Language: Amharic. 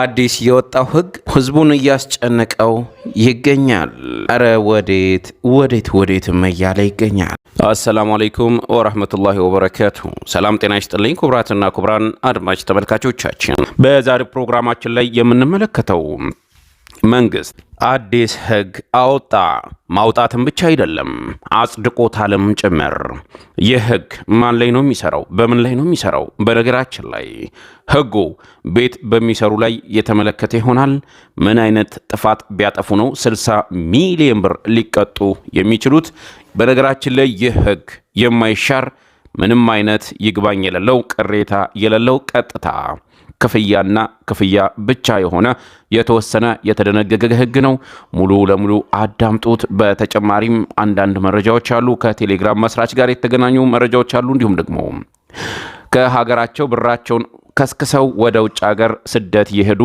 አዲስ የወጣው ህግ ህዝቡን እያስጨነቀው ይገኛል። እረ ወዴት ወዴት ወዴትም እያለ ይገኛል። አሰላሙ አለይኩም ወረህመቱላሂ ወበረከቱ። ሰላም ጤና ይስጥልኝ ክቡራትና ክቡራን አድማጭ ተመልካቾቻችን በዛሬ ፕሮግራማችን ላይ የምንመለከተው መንግስት አዲስ ህግ አወጣ። ማውጣትም ብቻ አይደለም አጽድቆታልም ጭምር። ይህ ህግ ማን ላይ ነው የሚሰራው? በምን ላይ ነው የሚሰራው? በነገራችን ላይ ህጉ ቤት በሚሰሩ ላይ የተመለከተ ይሆናል። ምን አይነት ጥፋት ቢያጠፉ ነው 60 ሚሊዮን ብር ሊቀጡ የሚችሉት? በነገራችን ላይ ይህ ህግ የማይሻር ምንም አይነት ይግባኝ የሌለው ቅሬታ የሌለው ቀጥታ ክፍያና ክፍያ ብቻ የሆነ የተወሰነ የተደነገገ ህግ ነው። ሙሉ ለሙሉ አዳምጡት። በተጨማሪም አንዳንድ መረጃዎች አሉ። ከቴሌግራም መስራች ጋር የተገናኙ መረጃዎች አሉ። እንዲሁም ደግሞ ከሀገራቸው ብራቸውን ከስክሰው ወደ ውጭ ሀገር ስደት የሄዱ